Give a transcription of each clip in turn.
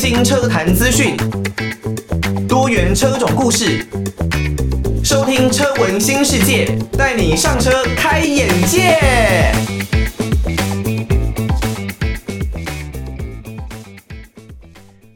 新車談資訊，多元車種故事，收聽車聞新世界，帶你上車開眼界。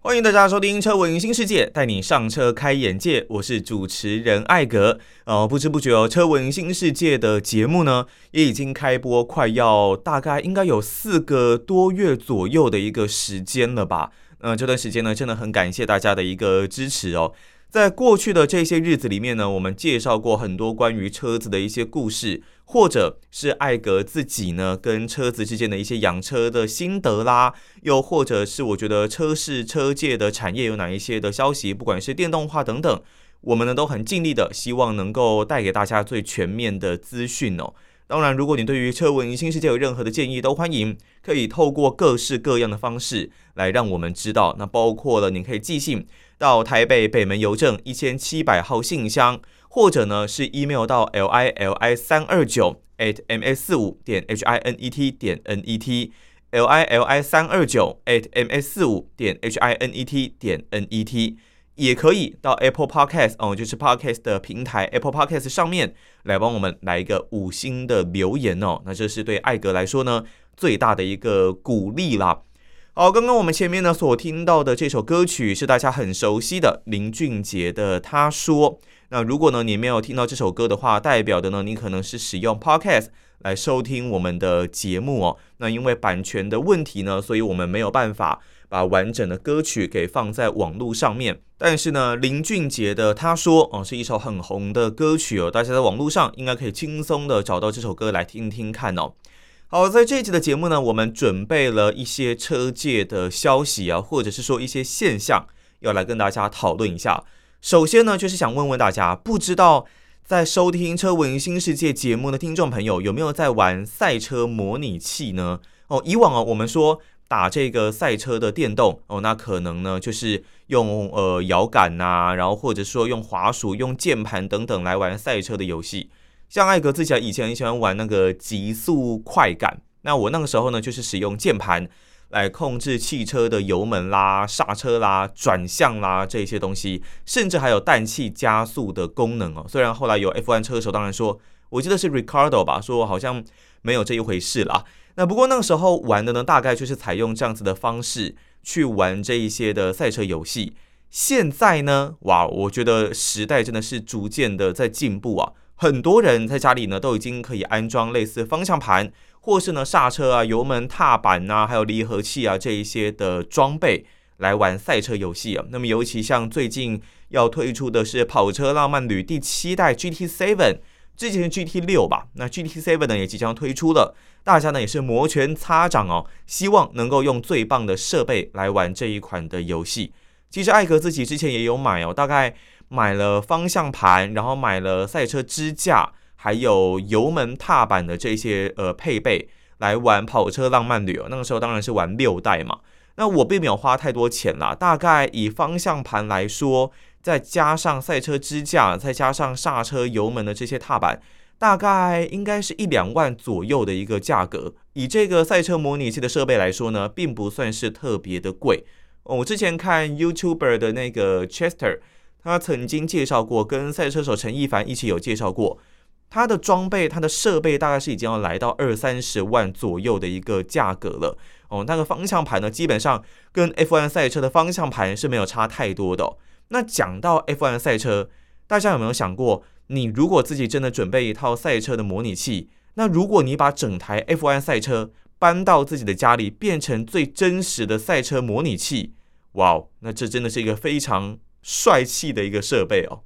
歡迎大家收聽車聞新世界，帶你上車開眼界。我是主持人艾格。哦、呃，不知不覺哦，車聞新世界的節目呢，也已經開播，快要大概應該有四個多月左右的一個時間了吧。呃，這段時間呢，真的很感謝大家的一個支持哦。在過去的這些日子裡面呢，我們介紹過很多關於車子的一些故事，或者是艾格自己呢跟車子之間的一些養車的心得啦，又或者是我覺得車市車界的產業有哪一些的消息，不管是電動化等等，我們呢都很盡力的，希望能夠帶給大家最全面的資訊哦。當然，如果你對於車文新世界有任何的建議，都歡迎可以透過各式各樣的方式來讓我們知道。那包括了你可以寄信到台北北門郵政一千七百號信箱，或者呢是 email 到 lili 三二九 atms 四五點 hinet 點 net，lili 三二九 atms 四五點 hinet 點 net I。也可以到 Apple Podcast 哦，就是 Podcast 的平台 Apple Podcast 上面來幫我們來一個五星的留言哦，那這是對艾格來說呢最大的一個鼓勵啦。好，剛剛我們前面呢所聽到的這首歌曲是大家很熟悉的林俊杰的《他說》。那如果呢你沒有聽到這首歌的話，代表的呢你可能是使用 Podcast 來收聽我們的節目哦。那因為版權的問題呢，所以我們沒有辦法。把完整的歌曲給放在網絡上面，但是呢，林俊傑的他說哦，是一首很紅的歌曲哦，大家在網絡上應該可以輕鬆的找到這首歌來聽聽看哦。好，在這一期的節目呢，我們準備了一些車界的消息啊，或者是說一些現象，要來跟大家討論一下。首先呢，就是想問問大家，不知道在收聽《車聞新世界》節目的聽眾朋友有沒有在玩賽車模擬器呢？哦，以往啊，我們說。打這個賽車的電動哦，那可能呢就是用呃搖桿吶，然後或者說用滑鼠、用鍵盤等等來玩賽車的遊戲。像艾格自己啊，以前很喜歡玩那個《極速快感》。那我那個時候呢，就是使用鍵盤來控制汽車的油門啦、剎車啦、轉向啦這些東西，甚至還有氮氣加速的功能哦。雖然後來有 F 1車手，當然說，我記得是 Ricardo 吧，說好像沒有這一回事了。那不過那個時候玩的呢，大概就是採用這樣子的方式去玩這一些的賽車遊戲。現在呢，哇，我覺得時代真的是逐漸的在進步啊！很多人在家裡呢都已經可以安裝類似方向盤，或是呢剎車啊、油門踏板吶、啊，還有離合器啊這一些的裝備來玩賽車遊戲啊。那麼尤其像最近要推出的是跑車浪漫旅第七代 GT Seven。之前的 GT 六吧，那 GT Seven 呢，也即將推出了，大家呢也是摩拳擦掌哦，希望能夠用最棒的設備來玩這一款的遊戲。其實艾格自己之前也有買哦，大概買了方向盤，然後買了賽車支架，還有油門踏板的這些呃配備來玩跑車浪漫旅遊，哦，那個時候當然是玩六代嘛，那我並沒有花太多錢啦，大概以方向盤來說。再加上賽車支架，再加上剎車油門的這些踏板，大概應該是一兩萬左右的一個價格。以這個賽車模擬器的設備來說呢，並不算是特別的貴。我、哦、之前看 YouTuber 的那個 Chester，他曾經介紹過，跟賽車手陳一凡一起有介紹過他的裝備，他的設備大概是已經要來到二三十萬左右的一個價格了。哦，那個方向盤呢，基本上跟 F1 賽車的方向盤是沒有差太多的、哦。那講到 F1 賽車，大家有沒有想過，你如果自己真的準備一套賽車的模擬器，那如果你把整台 F1 賽車搬到自己的家裡，變成最真實的賽車模擬器，哇哦，那這真的是一個非常帥氣的一個設備哦。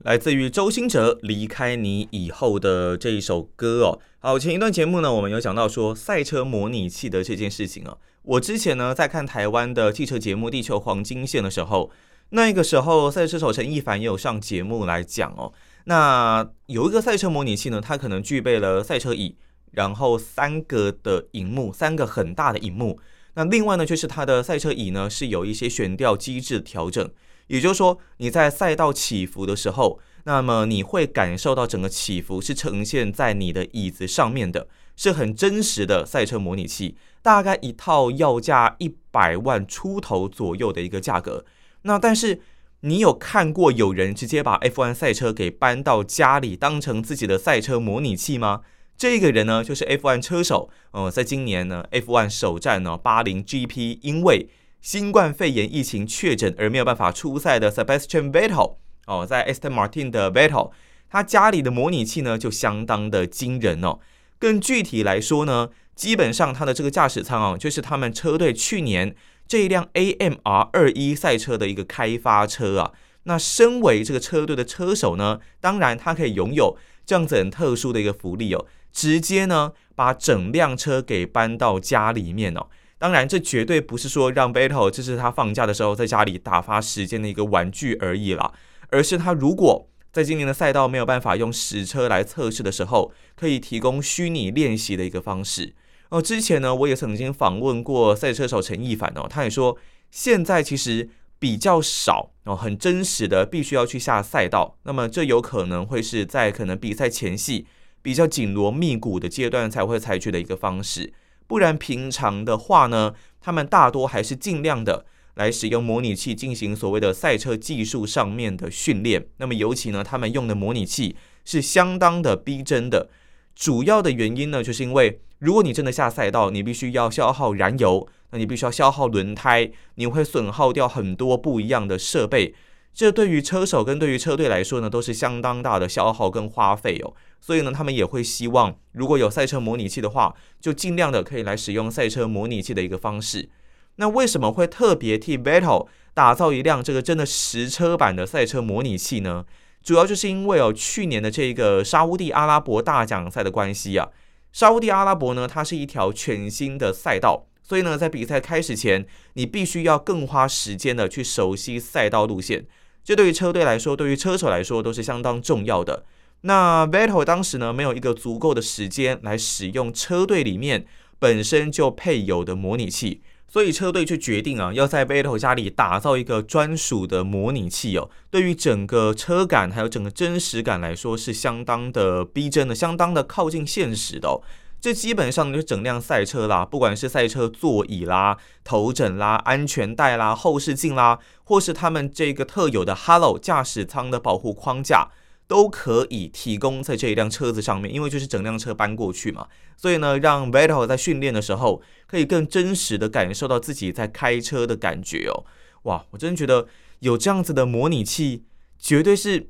來自於周興哲離開你以後的這一首歌哦。好，前一段節目呢，我們有講到說賽車模擬器的這件事情哦。我之前呢，在看台灣的汽車節目《地球黃金線》的時候，那個時候賽車手陳一凡也有上節目來講哦。那有一個賽車模擬器呢，它可能具備了賽車椅，然後三個的熒幕，三個很大的熒幕。那另外呢，就是它的賽車椅呢，是有一些懸吊機制的調整，也就是說你在賽道起伏的時候，那麼你會感受到整個起伏是呈現在你的椅子上面的。這很真實的賽車模擬器，大概一套要價一百萬出頭左右的一個價格。那但是你有看過有人直接把 F1 賽車給搬到家裡當成自己的賽車模擬器嗎？這個人呢，就是 F1 車手哦，在今年呢 F1 首站呢巴林 GP，因為新冠肺炎疫情確診而沒有辦法出賽的 Sebastian Vettel 哦，在 Aston Martin 的 Vettel，他家裡的模擬器呢就相當的驚人哦。更具體來說呢，基本上他的這個駕駛艙啊，就是他們車隊去年這一輛 AMR 二一賽車的一個開發車啊。那身為這個車隊的車手呢，當然他可以擁有這樣子很特殊的一個福利哦，直接呢把整輛車給搬到家裡面哦。當然，這絕對不是說讓 Vettel 這是他放假的時候在家裡打發時間的一個玩具而已啦，而是他如果。在今年的賽道沒有辦法用實車來測試的時候，可以提供虛擬練習的一個方式。哦，之前呢，我也曾經訪問過賽車手陳一凡哦，他也說現在其實比較少，哦，很真實的必須要去下賽道。那麼這有可能會是在可能比賽前夕比較緊鑼密鼓的階段才會採取的一個方式，不然平常的話呢，他們大多還是盡量的。來使用模擬器進行所謂的賽車技術上面的訓練。那麼，尤其呢，他們用的模擬器是相當的逼真的。主要的原因呢，就是因為如果你真的下賽道，你必須要消耗燃油，那你必須要消耗輪胎，你會損耗掉很多不一樣的設備。這對於車手跟對於車隊來說呢，都是相當大的消耗跟花費哦。所以呢，他們也會希望，如果有賽車模擬器的話，就盡量的可以來使用賽車模擬器的一個方式。那為什麼會特別替 Battle 打造一輛這個真的實車版的賽車模擬器呢？主要就是因為哦，去年的這個沙烏地阿拉伯大獎賽的關係呀、啊。沙烏地阿拉伯呢，它是一條全新的賽道，所以呢，在比賽開始前，你必須要更花時間的去熟悉賽道路線。這對於車隊來說，對於車手來說都是相當重要的。那 Battle 當時呢，沒有一個足夠的時間來使用車隊裡面本身就配有的模擬器。所以車隊就決定啊，要在貝頭家裡打造一個專屬的模擬器哦。對於整個車感還有整個真實感來說，是相當的逼真的，相當的靠近現實的哦。這基本上就是整輛賽車啦，不管是賽車座椅啦、頭枕啦、安全帶啦、後視鏡啦，或是他們這個特有的 Halo 駕駛艙的保護框架。都可以提供在這一輛車子上面，因為就是整輛車搬過去嘛，所以呢，讓 Vettel 在訓練的時候可以更真實的感受到自己在開車的感覺哦。哇，我真的覺得有這樣子的模擬器絕對是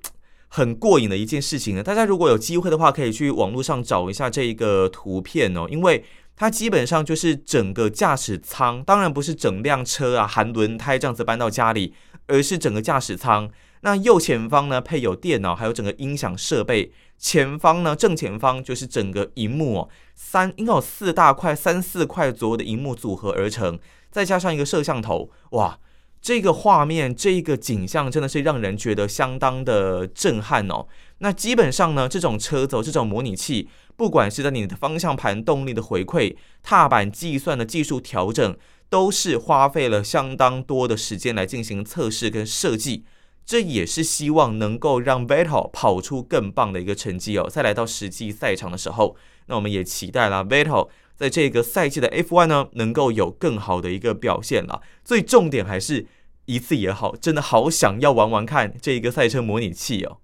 很過癮的一件事情呢。大家如果有機會的話，可以去網絡上找一下這一個圖片哦，因為它基本上就是整個駕駛艙，當然不是整輛車啊，含輪胎這樣子搬到家裡，而是整個駕駛艙。那右前方呢，配有電腦，還有整個音響設備。前方呢，正前方就是整個螢幕哦，三應該有四大塊、三四塊左右的螢幕組合而成，再加上一個攝像頭。哇，這個畫面，這個景象，真的是讓人覺得相當的震撼哦。那基本上呢，這種車走這種模擬器，不管是在你的方向盤動力的回饋、踏板計算的技術調整，都是花費了相當多的時間來進行測試跟設計。這也是希望能夠讓 Vettel 跑出更棒的一個成績哦。在來到實際賽場的時候，那我們也期待啦，Vettel 在這個賽季的 F1 呢，能夠有更好的一個表現啦。最重點還是一次也好，真的好想要玩玩看這一個賽車模擬器哦。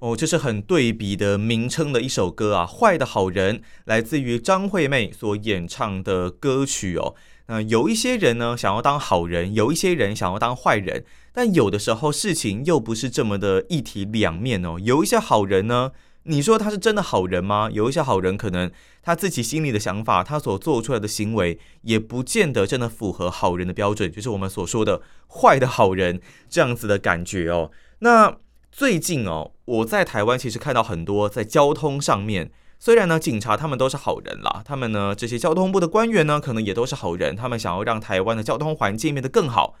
哦，這、就是很對比的名稱的一首歌啊，《壞的好人》來自於張惠妹所演唱的歌曲哦。那有一些人呢，想要當好人，有一些人想要當壞人。但有的時候事情又不是這麼的一體兩面哦，有一些好人呢，你說他是真的好人嗎？有一些好人可能他自己心裡的想法，他所做出來的行為也不見得真的符合好人的標準，就是我們所說的壞的好人這樣子的感覺哦。那最近哦，我在台灣其實看到很多在交通上面，雖然呢警察他們都是好人啦，他們呢這些交通部的官員呢可能也都是好人，他們想要讓台灣的交通環境變得更好。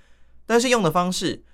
但是用的方式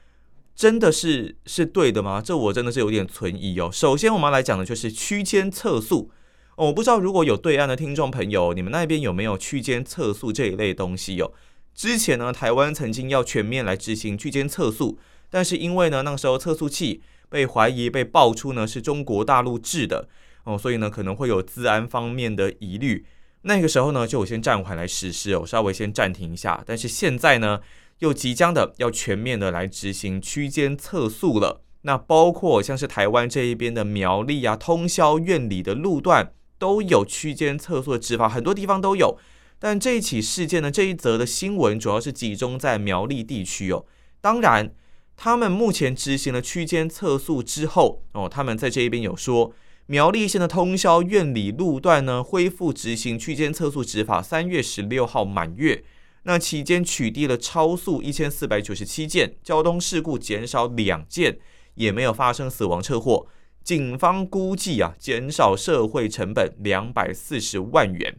真的是是對的嗎？這我真的是有點存疑哦。首先，我們要來講的就是區間測速哦。我不知道如果有對岸的聽眾朋友，你們那邊有沒有區間測速這一類東西喲哦？之前呢，台灣曾經要全面來執行區間測速，但是因為呢，那個時候測速器被懷疑被爆出呢是中國大陸制的哦，所以呢可能會有資安方面的疑慮。那個時候呢，就我先暫緩來實施哦，稍微先暫停一下。但是現在呢？又即將的要全面的來執行區間測速了，那包括像是台灣這一邊的苗栗啊、通霄、苑裡的路段都有區間測速的執法，很多地方都有。但這一起事件呢，這一則的新聞主要是集中在苗栗地區哦。當然，他們目前執行了區間測速之後，哦，他們在這一邊有說，苗栗縣的通霄、苑裡路段呢，恢復執行區間測速執法，三月十六號滿月。那期間取締了超速一千四百九十七件，交通事故減少兩件，也沒有發生死亡車禍。警方估計啊，減少社會成本兩百四十萬元。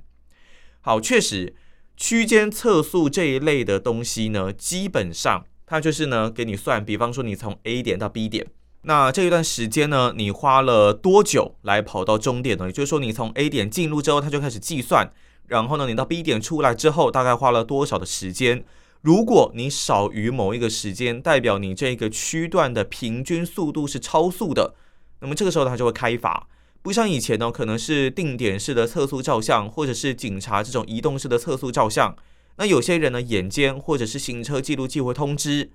好，確實，區間測速這一類的東西呢，基本上它就是呢，給你算，比方說你從 A 點到 B 點，那這一段時間呢，你花了多久來跑到終點呢？也就是說，你從 A 點進入之後，它就開始計算。然後呢，你到 B 點出來之後，大概花了多少的時間？如果你少於某一個時間，代表你這個區段的平均速度是超速的，那麼這個時候它就會開罰。不像以前呢，可能是定點式的測速照相，或者是警察這種移動式的測速照相。那有些人呢，眼尖或者是行車記錄器會通知，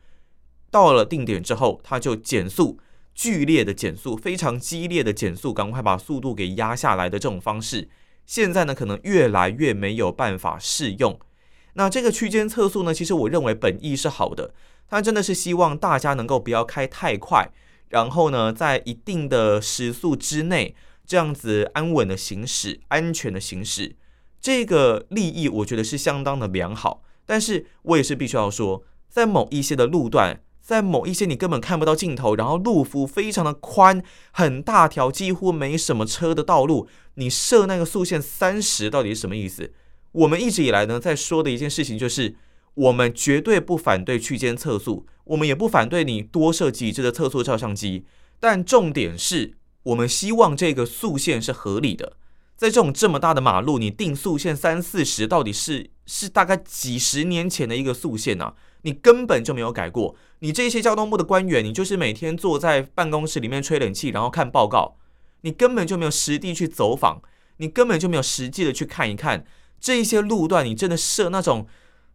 到了定點之後，它就減速，劇烈的減速，非常激烈的減速，趕快把速度給壓下來的這種方式。現在呢，可能越來越沒有辦法適用。那這個區間測速呢，其實我認為本意是好的，它真的是希望大家能夠不要開太快，然後呢，在一定的時速之內，這樣子安穩的行駛、安全的行駛，這個立意我覺得是相當的良好。但是我也是必須要說，在某一些的路段，在某一些你根本看不到盡頭，然後路幅非常的寬，很大條，幾乎沒什麼車的道路，你設那個速限三十到底是什麼意思？我們一直以來呢，在說的一件事情就是，我們絕對不反對區間測速，我們也不反對你多設幾隻的測速照相機，但重點是我們希望這個速限是合理的。在這種這麼大的馬路，你定速限三四十到底是是大概幾十年前的一個速限呢？啊？你根本就沒有改過，你這些交通部的官員，你就是每天坐在辦公室裡面吹冷氣，然後看報告，你根本就沒有實地去走訪，你根本就沒有實際的去看一看，這一些路段你真的設那種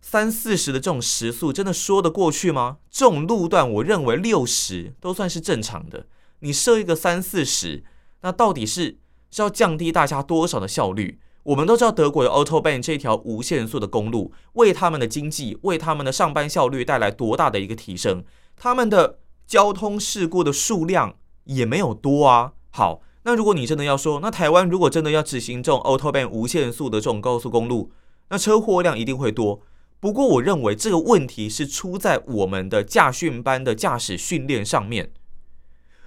三四十的這種時速，真的說得過去嗎？這種路段我認為六十都算是正常的，你設一個三四十，那到底是是要降低大家多少的效率？我們都知道德國的 Autobahn 這條無限速的公路，為他們的經濟、為他們的上班效率帶來多大的一個提升？他們的交通事故的數量也沒有多啊。好，那如果你真的要說，那台灣如果真的要執行這種 Autobahn 無限速的這種高速公路，那車禍量一定會多。不過，我認為這個問題是出在我們的駕訓班的駕駛訓練上面。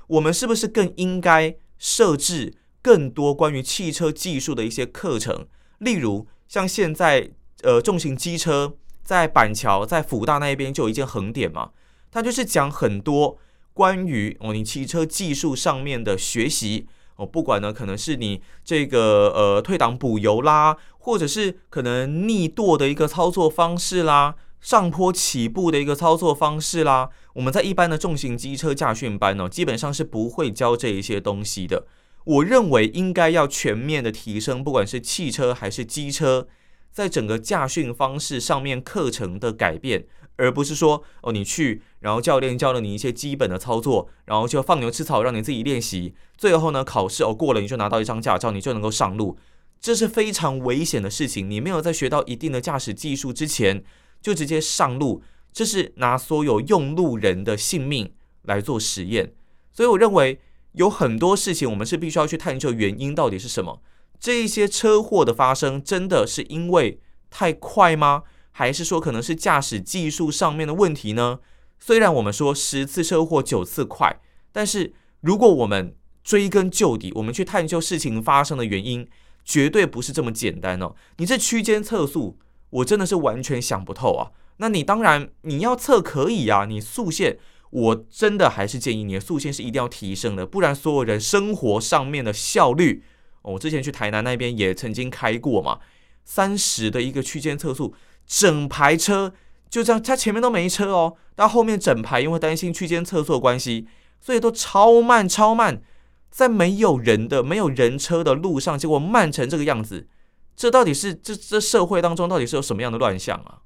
我們是不是更應該設置？更多關於汽車技術的一些課程，例如像現在呃重型機車在板橋在輔大那一邊就有一間橫點嘛，它就是講很多關於哦你汽車技術上面的學習哦，不管呢可能是你這個呃退檔補油啦，或者是可能逆舵的一個操作方式啦，上坡起步的一個操作方式啦，我們在一般的重型機車駕訓班呢，哦，基本上是不會教這一些東西的。我認為應該要全面的提升，不管是汽車還是機車，在整個駕訓方式上面課程的改變，而不是說哦你去，然後教練教了你一些基本的操作，然後就放牛吃草，讓你自己練習，最後呢考試哦過了你就拿到一張駕照，你就能夠上路，這是非常危險的事情。你沒有在學到一定的駕駛技術之前就直接上路，這是拿所有用路人的性命來做實驗。所以我認為。有很多事情，我們是必須要去探究原因到底是什麼。這一些車禍的發生，真的是因為太快嗎？還是說可能是駕駛技術上面的問題呢？雖然我們說十次車禍九次快，但是如果我們追根究底，我們去探究事情發生的原因，絕對不是這麼簡單哦。你這區間測速，我真的是完全想不透啊。那你當然你要測可以啊，你速限。我真的還是建議你的速限是一定要提升的，不然所有人生活上面的效率。哦、我之前去台南那邊也曾經開過嘛，三十的一個區間測速，整排車就這樣，它前面都沒車哦，到後面整排因為擔心區間測速的關係，所以都超慢超慢，在沒有人的、沒有人車的路上，結果慢成這個樣子，這到底是這這社會當中到底是有什麼樣的亂象啊？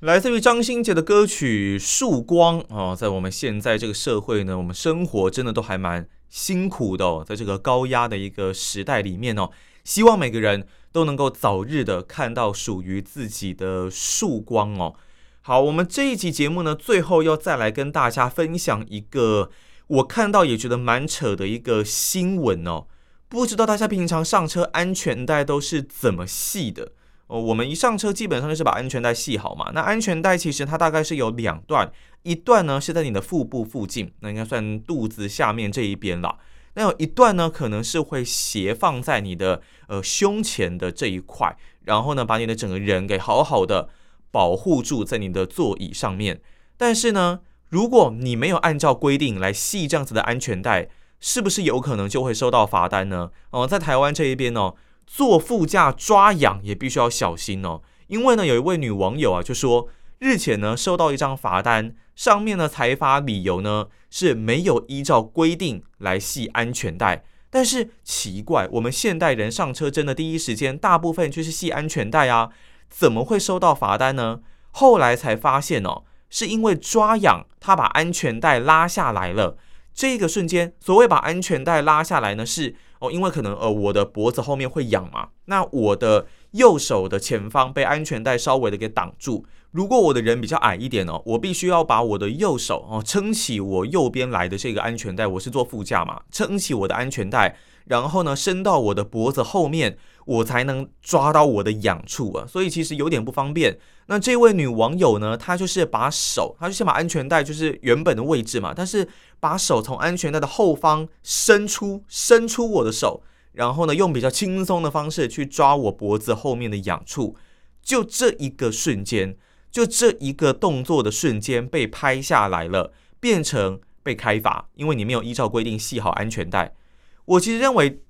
來自於張信哲的歌曲《曙光》哦，在我們現在這個社會呢，我們生活真的都還蠻辛苦的，哦，在這個高壓的一個時代裡面哦，希望每個人都能夠早日的看到屬於自己的曙光哦。好，我們這一期節目呢，最後要再來跟大家分享一個我看到也覺得蠻扯的一個新聞哦，不知道大家平常上車安全帶都是怎麼繫的？哦，我們一上車基本上就是把安全帶繫好嘛。那安全帶其實它大概是有兩段，一段呢是在你的腹部附近，那應該算肚子下面這一邊了。那有一段呢可能是會斜放在你的呃胸前的這一塊，然後呢把你的整個人給好好的保護住在你的座椅上面。但是呢，如果你沒有按照規定來繫這樣子的安全帶，是不是有可能就會收到罰單呢？哦，在台灣這一邊哦。坐副駕抓癢也必須要小心哦，因為呢，有一位女網友啊，就說日前呢收到一張罰單，上面呢裁罰理由呢是沒有依照規定來繫安全帶。但是奇怪，我們現代人上車真的第一時間大部分就是繫安全帶啊，怎麼會收到罰單呢？後來才發現哦，是因為抓癢，他把安全帶拉下來了。這個瞬間，所謂把安全帶拉下來呢，是。哦，因為可能呃，我的脖子後面會癢嘛，那我的右手的前方被安全帶稍微的給擋住。如果我的人比較矮一點呢、哦？我必須要把我的右手哦撐起我右邊來的這個安全帶，我是坐副駕嘛，撐起我的安全帶，然後呢伸到我的脖子後面，我才能抓到我的癢處啊，所以其實有點不方便。那這位女網友呢，她就是把手，她就先把安全帶就是原本的位置嘛，但是。把手從安全帶的後方伸出，伸出我的手，然後呢，用比較輕鬆的方式去抓我脖子後面的癢處。就這一個瞬間，就這一個動作的瞬間被拍下來了，變成被開罰，因為你沒有依照規定繫好安全帶。我其實認為，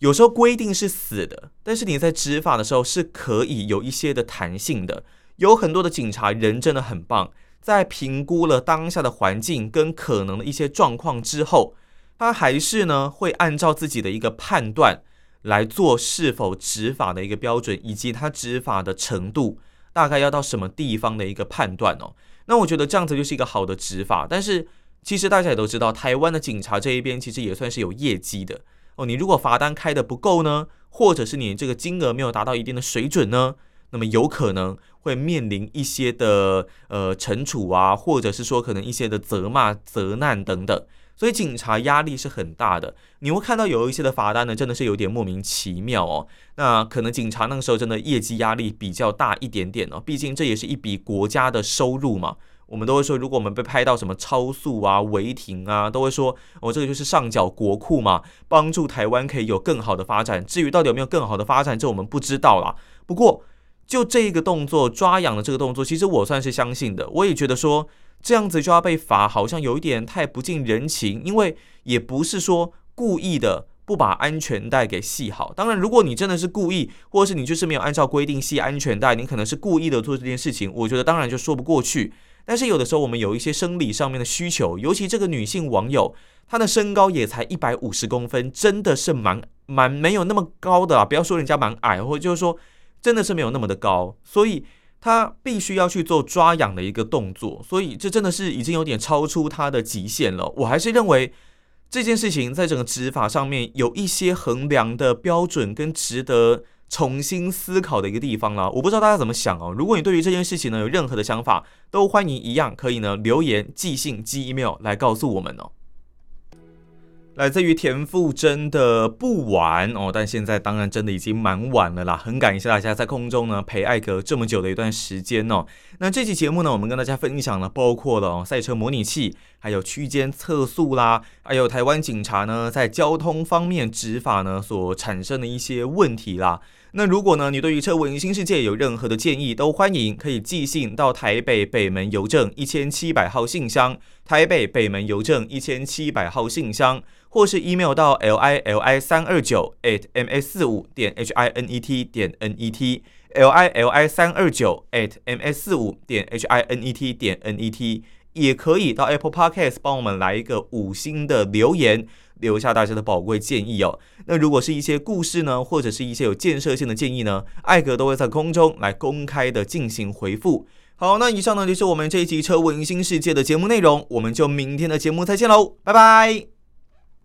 有時候規定是死的，但是你在執法的時候是可以有一些的彈性的。有很多的警察人真的很棒。在評估了當下的環境跟可能的一些狀況之後，他還是呢，會按照自己的一個判斷來做是否執法的一個標準，以及他執法的程度大概要到什麼地方的一個判斷哦。那我覺得這樣子就是一個好的執法。但是其實大家也都知道，台灣的警察這一邊其實也算是有業績的哦。你如果罰單開得不夠呢，或者是你這個金額沒有達到一定的水準呢，那麼有可能會面臨一些的呃懲處啊，或者是說可能一些的責罵、責難等等，所以警察壓力是很大的。你會看到有一些的罰單呢，真的是有點莫名其妙哦。那可能警察那個時候真的業績壓力比較大一點點哦，畢竟這也是一筆國家的收入嘛。我們都會說，如果我們被拍到什麼超速啊、違停啊，都會說我、哦、這個就是上繳國庫嘛，幫助台灣可以有更好的發展。至於到底有沒有更好的發展，這我們不知道啦。不過。就這個動作，抓癢的這個動作，其實我算是相信的。我也覺得說這樣子就要被罰，好像有一點太不近人情。因為也不是說故意的不把安全帶給繫好。當然，如果你真的是故意，或者是你就是沒有按照規定繫安全帶，你可能是故意的做這件事情，我覺得當然就說不過去。但是有的時候我們有一些生理上面的需求，尤其這個女性網友，她的身高也才一百五十公分，真的是蠻蠻沒有那麼高的啊。不要說人家蠻矮，或者就是說。真的是沒有那麼的高，所以他必須要去做抓癢的一個動作，所以這真的是已經有點超出他的極限了。我還是認為這件事情在整個執法上面有一些衡量的標準跟值得重新思考的一個地方了。我不知道大家怎麼想哦。如果你對於這件事情呢有任何的想法，都歡迎一樣可以呢留言、寄信、寄 email 來告訴我們哦。來自於田馥甄的不晚哦，但現在當然真的已經蠻晚了啦，很感謝大家在空中呢陪艾格這麼久的一段時間哦。那這期節目呢，我們跟大家分享了包括了、哦、賽車模擬器，還有區間測速啦，還有台灣警察呢在交通方面執法呢所產生的一些問題啦。那如果呢，你對於《車文新世界》有任何的建議，都歡迎可以寄信到台北北門郵政一千七百號信箱，台北北門郵政一千七百號信箱，或是 email 到 lili 三二九 atms 四五點 hinet 點 net，lili 三二九 atms 四五點 hinet 點 net. net，也可以到 Apple Podcast 幫我們來一個五星的留言。留下大家的寶貴建議哦。那如果是一些故事呢，或者是一些有建設性的建議呢，艾格都會在空中來公開的進行回復。好，那以上呢，就是我們這一期車聞新世界的節目內容，我們就明天的節目再見嘍，拜拜。